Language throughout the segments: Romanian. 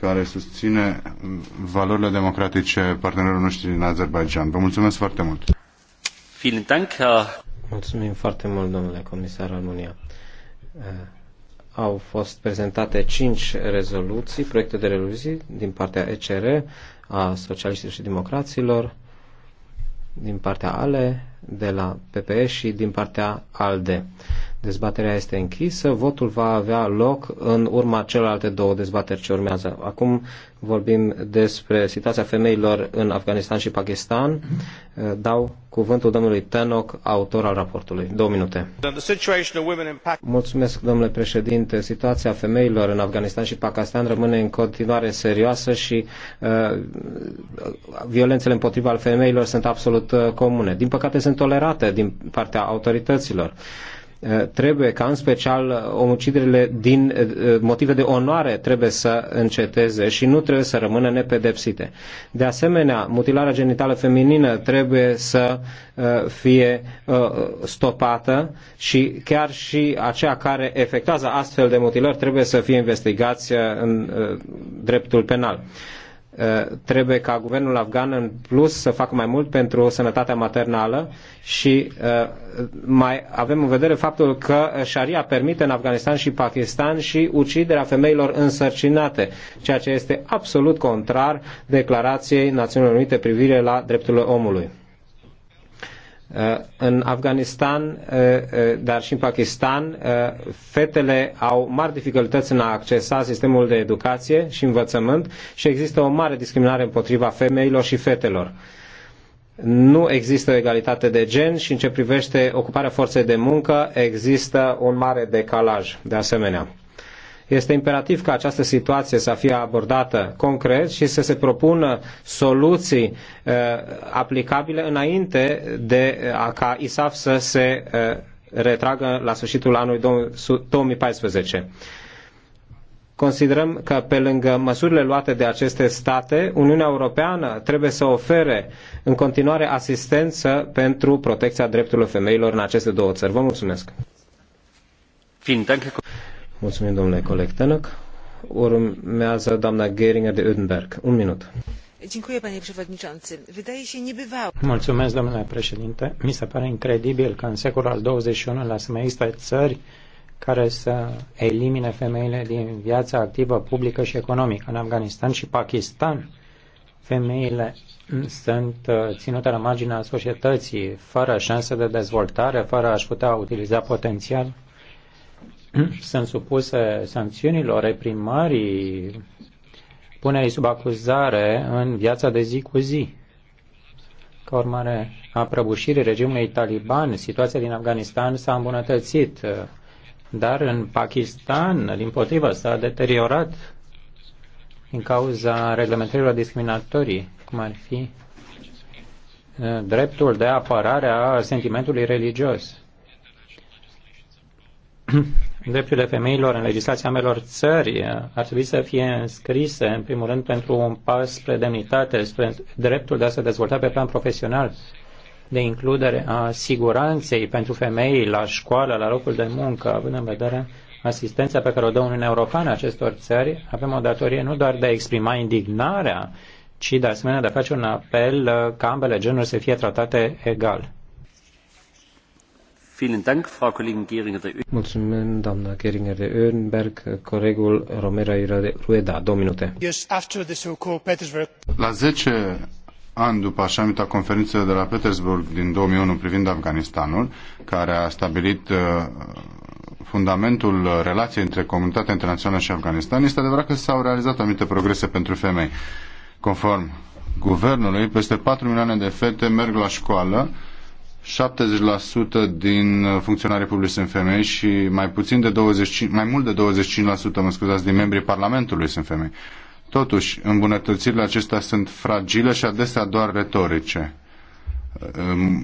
care susține valorile democratice partenerilor noștri din Azerbaijan. Vă mulțumesc foarte mult! Mulțumim foarte mult, domnule comisar Almunia. Eh, au fost prezentate cinci rezoluții, proiecte de rezoluții din partea ECR, a socialiștilor și democraților, din partea ALE, de la PPE și din partea ALDE. Dezbaterea este închisă. Votul va avea loc în urma celelalte două dezbateri ce urmează. Acum vorbim despre situația femeilor în Afganistan și Pakistan. Dau cuvântul domnului Tenok, autor al raportului. Două minute. Mulțumesc, domnule președinte. Situația femeilor în Afganistan și Pakistan rămâne în continuare serioasă și uh, violențele împotriva al femeilor sunt absolut uh, comune. Din păcate sunt tolerate din partea autorităților. Uh, Eh, trebuie ca în special eh, omuciderile din eh, motive de onoare trebuie să înceteze și nu trebuie să rămână nepedepsite. De asemenea, mutilarea genitală feminină trebuie să fie stopată și chiar și aceea care efectuează astfel de mutilări trebuie să fie investigați în dreptul penal. Eh, trebuie ca guvernul afgan în plus să facă mai mult pentru sănătatea maternală și eh, mai avem în vedere faptul că șaria permite în Afganistan și Pakistan și uciderea femeilor însărcinate, ceea ce este absolut contrar declarației Națiunilor Unite privire la drepturile omului. Eh, în Afganistan, eh, eh, dar și în Pakistan, fetele au mari dificultăți în a accesa sistemul de educație și învățământ și există o mare discriminare împotriva femeilor și fetelor nu există egalitate de gen și în ce privește ocuparea forței de muncă există un mare decalaj de asemenea. Este imperativ ca această situație să fie abordată concret și să se propună soluții uh, aplicabile înainte de uh, ca ISAF să se uh, retragă la sfârșitul anului 2014. Considerăm că pe lângă măsurile luate de aceste state, Uniunea Europeană trebuie să ofere în continuare asistență pentru protecția drepturilor femeilor în aceste două țări. Vă mulțumesc! Mulțumim, domnule coleg Tenăc. Urmează doamna Geringer de Udenberg. Un minut. Mulțumesc, domnule președinte. Mi se pare incredibil că în secolul al XXI-lea să mai există țări care să elimine femeile din viața activă publică și economică. În Afganistan și Pakistan, femeile sunt uh, ținute la marginea societății, fără șanse de dezvoltare, fără a-și putea utiliza potențial Hmm? sunt supuse sancțiunilor, reprimării, punerii sub acuzare în viața de zi cu zi. Ca urmare a prăbușirii regimului taliban, situația din Afganistan s-a îmbunătățit, dar în Pakistan, din potrivă, s-a deteriorat din cauza reglementărilor discriminatorii, cum ar fi eh, dreptul de apărare a sentimentului religios. drepturile femeilor în legislația ambelor țări uh, ar trebui să fie înscrise, în primul rând, pentru un pas spre demnitate, spre dreptul de a se dezvolta pe plan profesional, de includere a siguranței pentru femei la școală, la locul de muncă, având în vedere asistența pe care o dă Uniunea Europeană acestor țări, avem o datorie nu doar de a exprima indignarea, ci de asemenea de a face un apel uh, ca ambele genuri să fie tratate egal. Mulțumim, doamna Geringer de Ödenberg. Colegul Romero Rueda, două minute. La 10 ani după așa conferință de la Petersburg din 2001 privind Afganistanul, care a stabilit uh, fundamentul relației între comunitatea internațională și Afganistan, este adevărat că s-au realizat anumite progrese pentru femei. Conform guvernului, peste 4 milioane de fete merg la școală, 70% din funcționarii publici sunt femei și mai puțin de 25, mai mult de 25%, mă scuzați, din membrii Parlamentului sunt femei. Totuși, îmbunătățirile acestea sunt fragile și adesea doar retorice.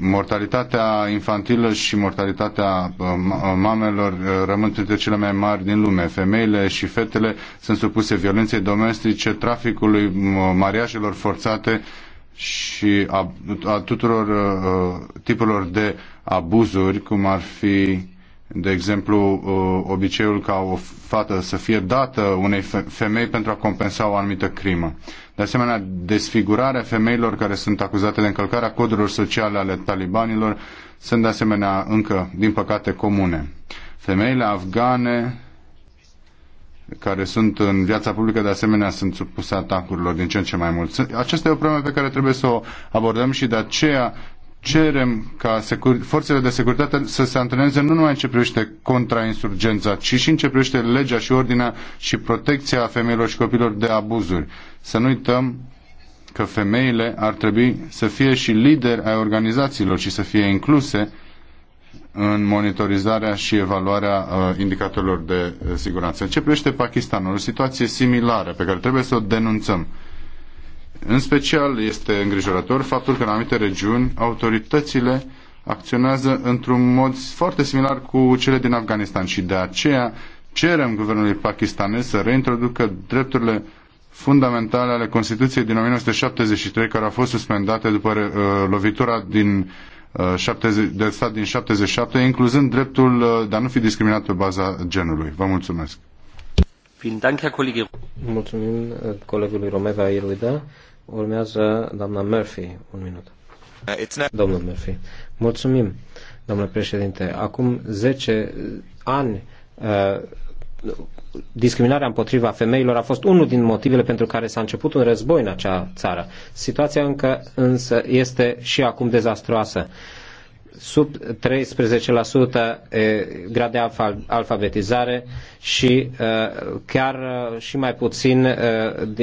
Mortalitatea infantilă și mortalitatea um, mamelor uh, rămân printre cele mai mari din lume. Femeile și fetele sunt supuse violenței domestice, traficului, mariajelor forțate, și a, a tuturor uh, tipurilor de abuzuri, cum ar fi, de exemplu, uh, obiceiul ca o fată să fie dată unei femei pentru a compensa o anumită crimă. De asemenea, desfigurarea femeilor care sunt acuzate de încălcarea codurilor sociale ale talibanilor sunt de asemenea încă, din păcate, comune. Femeile afgane care sunt în viața publică, de asemenea, sunt supuse atacurilor din ce în ce mai mult. Aceasta e o problemă pe care trebuie să o abordăm și de aceea cerem ca forțele de securitate să se antreneze nu numai în ce privește contrainsurgența, ci și în ce privește legea și ordinea și protecția femeilor și copilor de abuzuri. Să nu uităm că femeile ar trebui să fie și lideri ai organizațiilor și să fie incluse în monitorizarea și evaluarea uh, indicatorilor de uh, siguranță. În ce privește Pakistanul, o situație similară pe care trebuie să o denunțăm. În special este îngrijorător faptul că în anumite regiuni autoritățile acționează într-un mod foarte similar cu cele din Afganistan și de aceea cerem guvernului pakistanez să reintroducă drepturile fundamentale ale Constituției din 1973 care au fost suspendate după uh, lovitura din Uh, de stat din 77, incluzând dreptul uh, de a nu fi discriminat pe baza genului. Vă mulțumesc. Mulțumim uh, colegului Romeva Irlida. Urmează doamna Murphy. Un minut. Domnul Murphy. Mulțumim, domnule președinte. Acum 10 ani discriminarea împotriva femeilor a fost unul din motivele pentru care s-a început un război în acea țară. Situația încă însă este și acum dezastroasă. Sub 13% grad de alfabetizare și chiar și mai puțin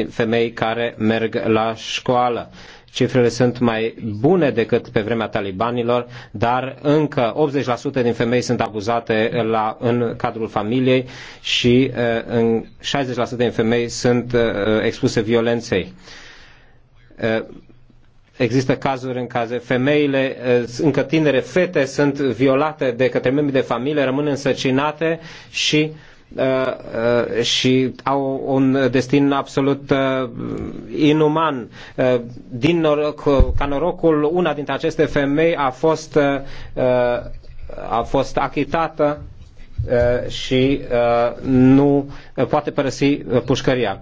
femei care merg la școală. Cifrele sunt mai bune decât pe vremea talibanilor, dar încă 80% din femei sunt abuzate la, în cadrul familiei și eh, în 60% din femei sunt eh, expuse violenței eh, există cazuri în care femeile, încă tinere fete, sunt violate de către membrii de familie, rămân însăcinate și Uh, uh, și au un destin absolut uh, inuman. Din noroc, ca norocul, una dintre aceste femei a fost, a fost achitată și nu poate părăsi pușcăria.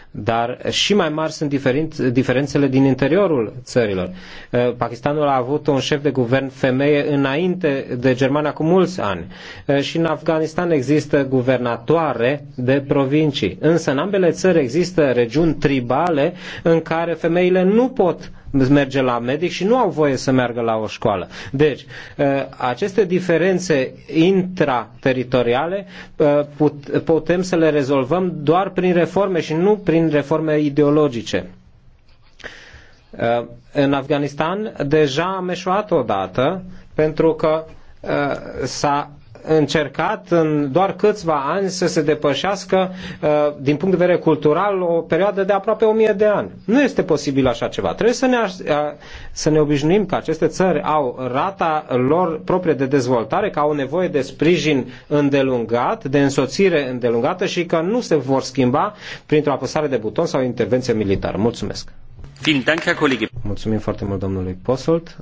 dar și mai mari sunt diferențele din interiorul țărilor. Uh, Pakistanul a avut un șef de guvern femeie înainte de Germania cu mulți ani uh, și în Afganistan există guvernatoare de provincii. Însă în ambele țări există regiuni tribale în care femeile nu pot merge la medic și nu au voie să meargă la o școală. Deci, uh, aceste diferențe intrateritoriale uh, putem să le rezolvăm doar prin reforme și nu prin reforme ideologice. Uh, în Afganistan deja am eșuat odată pentru că s-a încercat în doar câțiva ani să se depășească, uh, din punct de vedere cultural, o perioadă de aproape o mie de ani. Nu este posibil așa ceva. Trebuie să ne, uh, să ne obișnuim că aceste țări au rata lor proprie de dezvoltare, că au nevoie de sprijin îndelungat, de însoțire îndelungată și că nu se vor schimba printr-o apăsare de buton sau intervenție militară. Mulțumesc! Mulțumim foarte mult domnului Posolt.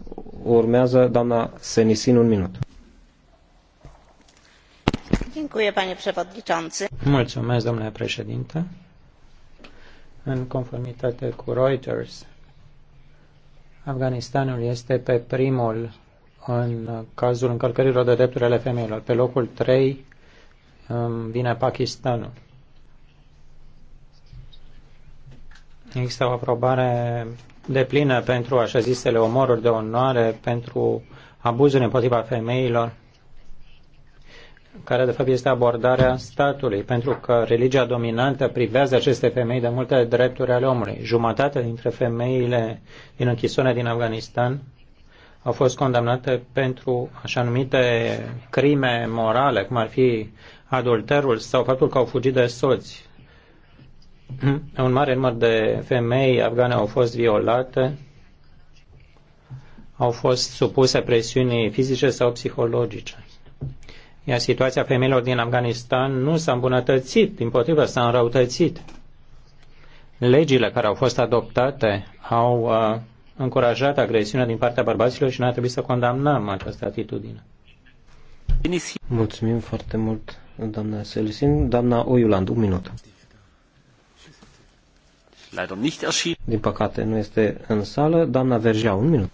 Urmează doamna Senisin un minut. Mulțumesc, domnule președinte. În conformitate cu Reuters, Afganistanul este pe primul în cazul încălcărilor de drepturi ale femeilor. Pe locul 3 um, vine Pakistanul. Există o aprobare de plină pentru așa zisele omoruri de onoare, pentru abuzuri împotriva femeilor care de fapt este abordarea statului, pentru că religia dominantă privează aceste femei de multe drepturi ale omului. Jumătate dintre femeile din închisoare din Afganistan au fost condamnate pentru așa numite crime morale, cum ar fi adulterul sau faptul că au fugit de soți. Un mare număr de femei afgane au fost violate, au fost supuse presiunii fizice sau psihologice. Iar situația femeilor din Afganistan nu s-a îmbunătățit, din potrivă s-a înrăutățit. Legile care au fost adoptate au uh, încurajat agresiunea din partea bărbaților și noi ar trebui să condamnăm această atitudine. Mulțumim foarte mult, doamna Selisin. Doamna Oiuland, un minut. Din păcate nu este în sală. Doamna Vergea, un minut.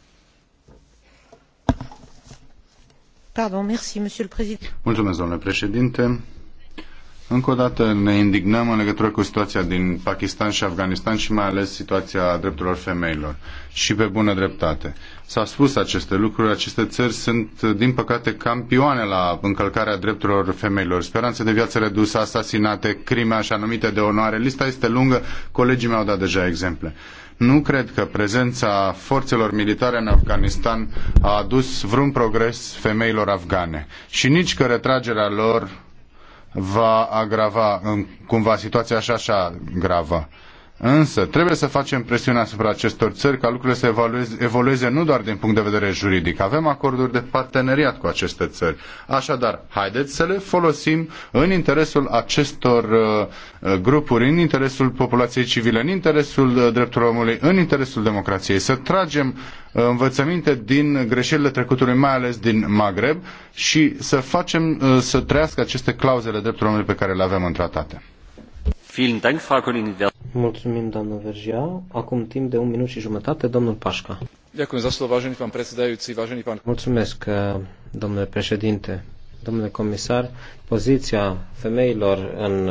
Mulțumesc, domnule președinte. Încă o dată ne indignăm în legătură cu situația din Pakistan și Afganistan și mai ales situația drepturilor femeilor și pe bună dreptate. S-a spus aceste lucruri, aceste țări sunt, din păcate, campioane la încălcarea drepturilor femeilor. Speranțe de viață redusă, asasinate, crime așa numite de onoare, lista este lungă, colegii mei au dat deja exemple. Nu cred că prezența forțelor militare în Afganistan a adus vreun progres femeilor afgane și nici că retragerea lor va agrava în, cumva situația așa, așa gravă. Însă trebuie să facem presiune asupra acestor țări ca lucrurile să evolueze, evolueze nu doar din punct de vedere juridic. Avem acorduri de parteneriat cu aceste țări. Așadar, haideți să le folosim în interesul acestor uh, uh, grupuri, în interesul populației civile, în interesul uh, drepturilor omului, în interesul democrației. Să tragem uh, învățăminte din greșelile trecutului, mai ales din Maghreb, și să facem uh, să trăiască aceste clauzele drepturilor omului pe care le avem în tratate. Mulțumim, doamnă Vergia. Acum timp de un minut și jumătate, domnul Pașca. Mulțumesc, domnule președinte domnule comisar, poziția femeilor în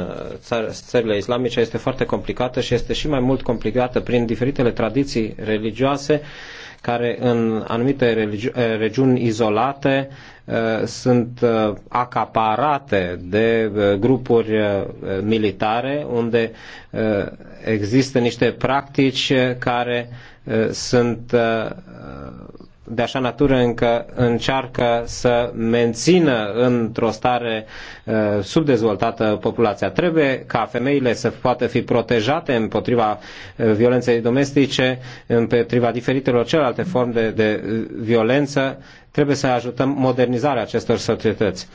uh, țările islamice este foarte complicată și este și mai mult complicată prin diferitele tradiții religioase care în anumite uh, regiuni izolate uh, sunt acaparate de grupuri militare unde există niște practici care sunt de așa natură încă încearcă să mențină într-o stare uh, subdezvoltată populația. Trebuie ca femeile să poată fi protejate împotriva uh, violenței domestice, împotriva diferitelor celelalte forme de, de uh, violență. Trebuie să ajutăm modernizarea acestor societăți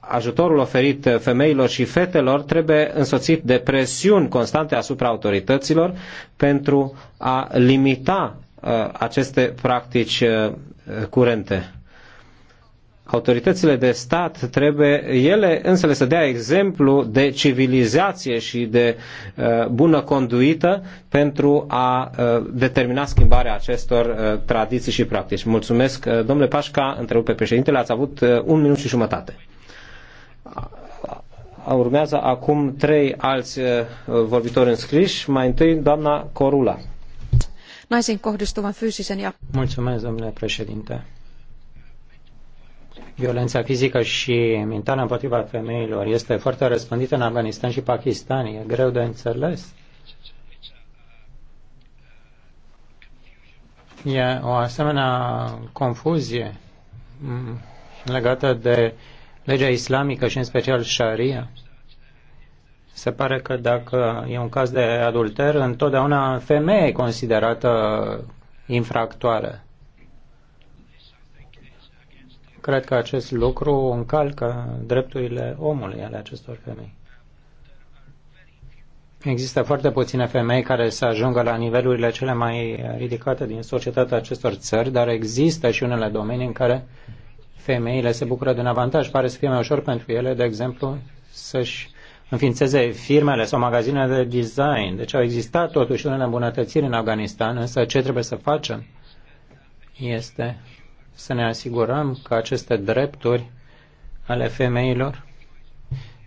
ajutorul oferit femeilor și fetelor trebuie însoțit de presiuni constante asupra autorităților pentru a limita Uh, aceste practici uh, curente. Autoritățile de stat trebuie ele însele să dea exemplu de civilizație și de uh, bună conduită pentru a determina schimbarea acestor tradiții și practici. Mulțumesc, domnule Pașca, întrerupe președintele, ați avut un minut și jumătate urmează acum trei alți vorbitori înscriși. Mai întâi, doamna Corula naisiin kohdistuvan fyysisen ja... Mulțumesc, domnule președinte. Violența fizică și mentală împotriva femeilor este foarte răspândită în Afganistan și Pakistan. E greu de înțeles. E o asemenea confuzie mm, legată de legea islamică și în special sharia. Se pare că dacă e un caz de adulter, întotdeauna femeie e considerată infractoare. Cred că acest lucru încalcă drepturile omului ale acestor femei. Există foarte puține femei care să ajungă la nivelurile cele mai ridicate din societatea acestor țări, dar există și unele domenii în care femeile se bucură de un avantaj. Pare să fie mai ușor pentru ele, de exemplu, să-și înființeze firmele sau magazinele de design. Deci au existat totuși unele îmbunătățiri în Afganistan, însă ce trebuie să facem este să ne asigurăm că aceste drepturi ale femeilor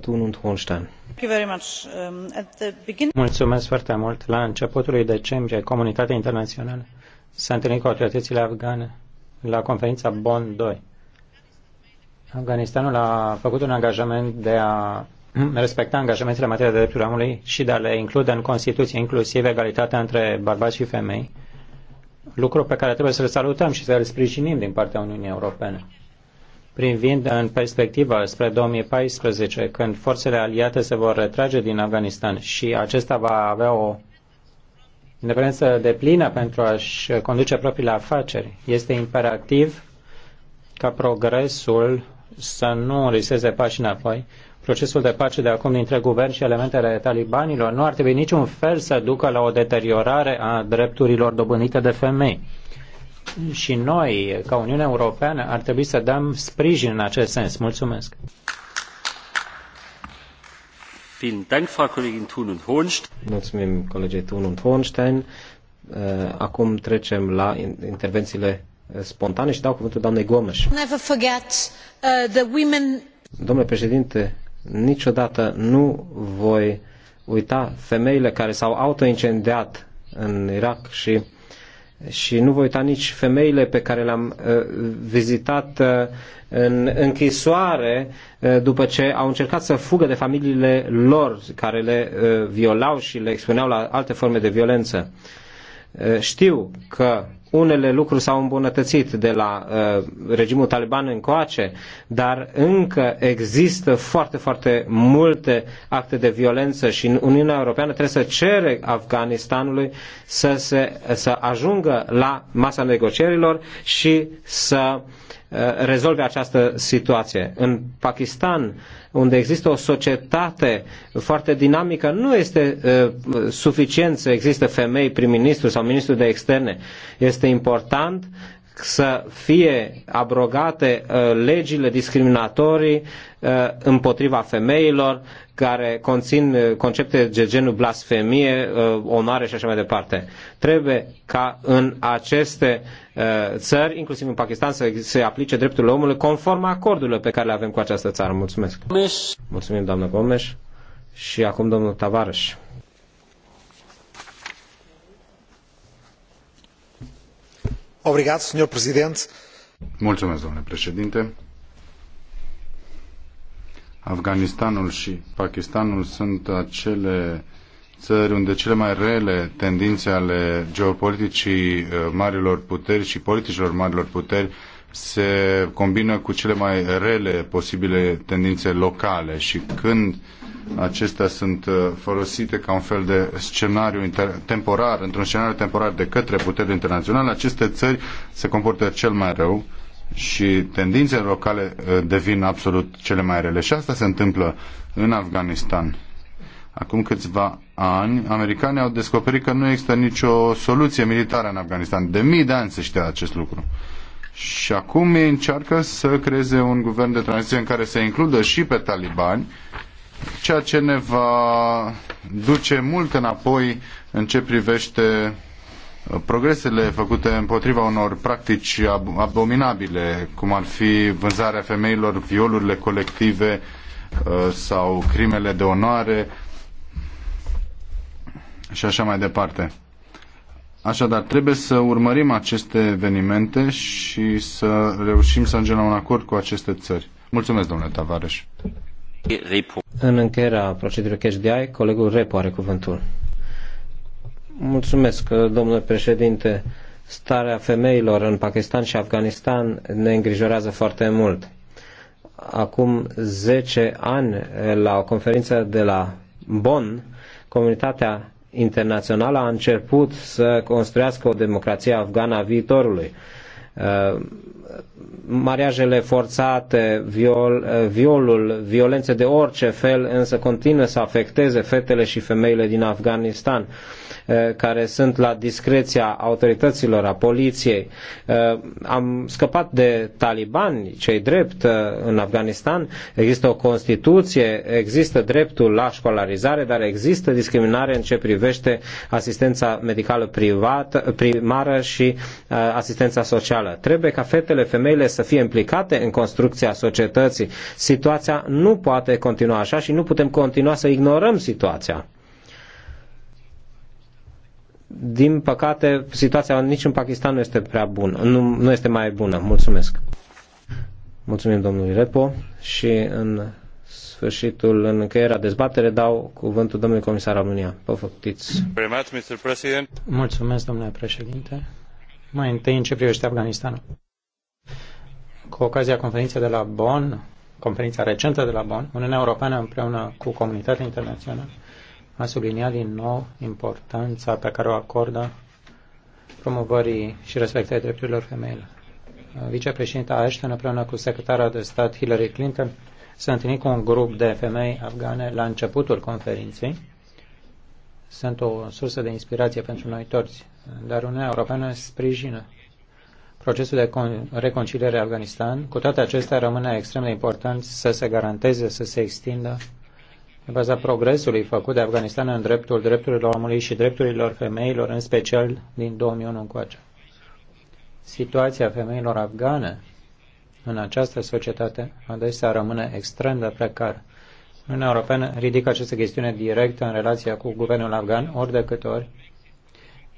Tunund Holstein. Um, Mulțumesc foarte mult. La începutul lui decembrie, comunitatea internațională s-a întâlnit cu autoritățile afgane la conferința Bonn 2. Afganistanul a făcut un angajament de a respecta angajamentele în materie de drepturi omului și de a le include în Constituție, inclusiv egalitatea între bărbați și femei, lucru pe care trebuie să-l salutăm și să-l sprijinim din partea Uniunii Europene privind în perspectivă spre 2014, când forțele aliate se vor retrage din Afganistan și acesta va avea o independență de plină pentru a-și conduce propriile afaceri, este imperativ ca progresul să nu riseze pași înapoi. Procesul de pace de acum dintre guvern și elementele talibanilor nu ar trebui niciun fel să ducă la o deteriorare a drepturilor dobândite de femei și noi, ca Uniunea Europeană, ar trebui să dăm sprijin în acest sens. Mulțumesc! Mulțumim colegii Thun und Hohenstein. Uh, acum trecem la intervențiile uh, spontane și dau cuvântul doamnei Gomes. Never forget, uh, the women... Domnule președinte, niciodată nu voi uita femeile care s-au autoincendiat în Irak și și nu voi uita nici femeile pe care le-am uh, vizitat uh, în închisoare uh, după ce au încercat să fugă de familiile lor care le violau și le expuneau la alte forme de violență. Știu că unele lucruri s-au îmbunătățit de la uh, regimul taliban încoace, dar încă există foarte, foarte multe acte de violență și Uniunea Europeană trebuie să cere Afganistanului să, se, să ajungă la masa negocierilor și să uh, Uh, rezolve această situație. În Pakistan, unde există o societate foarte dinamică, nu este uh, suficient să existe femei prim-ministru sau ministru de externe. Este important să fie abrogate uh, legile discriminatorii uh, împotriva femeilor care conțin uh, concepte de genul blasfemie, onoare și așa mai departe. Trebuie ca în aceste țări, inclusiv în Pakistan, să se aplice dreptul omului conform acordurilor pe care le avem cu această țară. Mulțumesc. Mulțumim, doamnă Gomes. Și acum domnul Tavares. Mulțumesc, domnule președinte. Afganistanul și Pakistanul sunt acele țări unde cele mai rele tendințe ale geopoliticii uh, marilor puteri și politicilor marilor puteri se combină cu cele mai rele posibile tendințe locale și când acestea sunt uh, folosite ca un fel de scenariu temporar, într-un scenariu temporar de către puteri internaționale, aceste țări se comportă cel mai rău și tendințele locale uh, devin absolut cele mai rele. Și asta se întâmplă în Afganistan. Acum câțiva ani, americanii au descoperit că nu există nicio soluție militară în Afganistan. De mii de ani se știa acest lucru. Și acum ei încearcă să creeze un guvern de tranziție în care să includă și pe talibani, ceea ce ne va duce mult înapoi în ce privește uh, progresele făcute împotriva unor practici abominabile, cum ar fi vânzarea femeilor, violurile colective uh, sau crimele de onoare și așa mai departe. Așadar, trebuie să urmărim aceste evenimente și să reușim să ajungem la un acord cu aceste țări. Mulțumesc, domnule Tavares. În încheierea procedurii cash de colegul Repo are cuvântul. Mulțumesc, domnule președinte. Starea femeilor în Pakistan și Afganistan ne îngrijorează foarte mult. Acum 10 ani, la o conferință de la Bonn, comunitatea internațională a început să construiască o democrație afgană a viitorului. Uh, mariajele forțate, viol, uh, violul, violențe de orice fel, însă continuă să afecteze fetele și femeile din Afganistan, uh, care sunt la discreția autorităților, a poliției. Am scăpat de talibani, cei drept, în Afganistan. Există o Constituție, există dreptul la școlarizare, dar există discriminare în ce privește asistența medicală privată, primară și asistența socială socială. Trebuie ca fetele, femeile să fie implicate în construcția societății. Situația nu poate continua așa și nu putem continua să ignorăm situația. Din păcate, situația nici în Pakistan nu este prea bună, nu, nu este mai bună. Mulțumesc. Mulțumim domnului Repo și în sfârșitul, în încheierea dezbatere, dau cuvântul domnului comisar Almunia. Vă Mulțumesc, domnule președinte. Mai întâi, în ce privește Afganistanul. Cu ocazia conferinței de la Bonn, conferința recentă de la Bonn, Uniunea Europeană împreună cu comunitatea internațională a subliniat din nou importanța pe care o acordă promovării și respectării drepturilor femeilor. Vicepreședinta Ashton împreună cu secretara de stat Hillary Clinton s-a întâlnit cu un grup de femei afgane la începutul conferinței sunt o sursă de inspirație pentru noi toți, dar Uniunea Europeană sprijină procesul de reconciliere a Afganistan. Cu toate acestea, rămâne extrem de important să se garanteze, să se extindă în baza progresului făcut de Afganistan în dreptul drepturilor omului și drepturilor femeilor, în special din 2001 încoace. Situația femeilor afgane în această societate adesea rămâne extrem de precară Uniunea Europeană ridică această chestiune direct în relația cu guvernul afgan ori de câte ori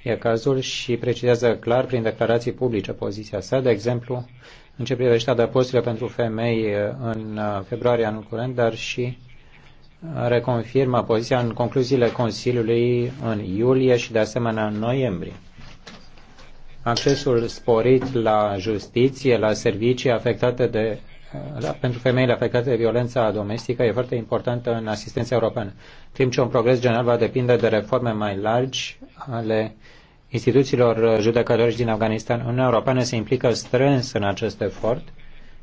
e cazul și precizează clar prin declarații publice poziția sa, de exemplu, în ce privește adăposturile pentru femei în uh, februarie anul curent, dar și uh, reconfirmă poziția în concluziile Consiliului în iulie și de asemenea în noiembrie. Accesul sporit la justiție, la servicii afectate de da, pentru femeile afectate de violența domestică e foarte importantă în asistența europeană, timp ce un progres general va depinde de reforme mai largi ale instituțiilor judecătorești din Afganistan. Uniunea Europeană se implică strâns în acest efort,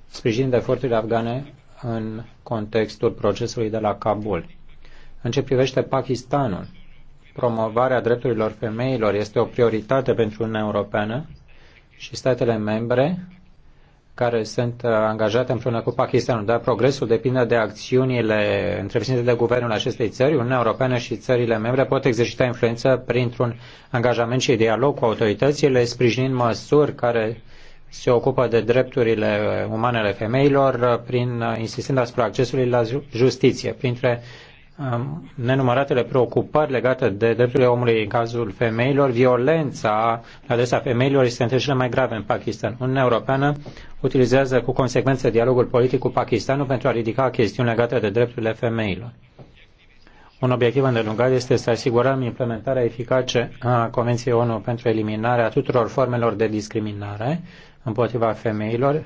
sprijinind eforturile afgane în contextul procesului de la Kabul. În ce privește Pakistanul, promovarea drepturilor femeilor este o prioritate pentru Uniunea Europeană și statele membre care sunt uh, angajate împreună cu Pakistanul, dar progresul depinde de acțiunile întreprinse de guvernul acestei țări. Uniunea Europeană și țările membre pot exercita influență printr-un angajament și dialog cu autoritățile, sprijinind măsuri care se ocupă de drepturile umane ale femeilor uh, prin uh, insistând asupra accesului la justiție. Printre nenumăratele preocupări legate de drepturile omului în cazul femeilor, violența la adresa femeilor este între cele mai grave în Pakistan. Uniunea Europeană utilizează cu consecvență dialogul politic cu Pakistanul pentru a ridica chestiuni legate de drepturile femeilor. Un obiectiv îndelungat este să asigurăm implementarea eficace a Convenției ONU pentru eliminarea tuturor formelor de discriminare împotriva femeilor,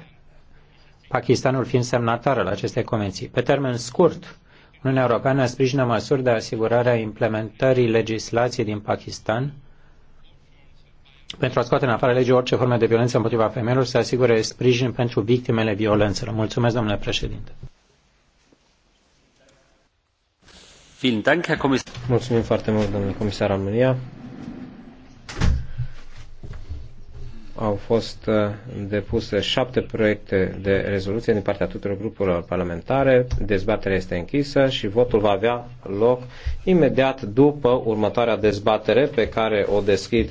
Pakistanul fiind semnatar la acestei convenții. Pe termen scurt, Uniunea Europeană sprijină măsuri de asigurare a implementării legislației din Pakistan pentru a scoate în afară legii orice formă de violență împotriva femeilor și să asigure sprijin pentru victimele violențelor. Mulțumesc, domnule președinte. Mulțumim foarte mult, domnule comisar Almeria. au fost uh, depuse șapte proiecte de rezoluție din partea tuturor grupurilor parlamentare. Dezbaterea este închisă și votul va avea loc imediat după următoarea dezbatere pe care o deschid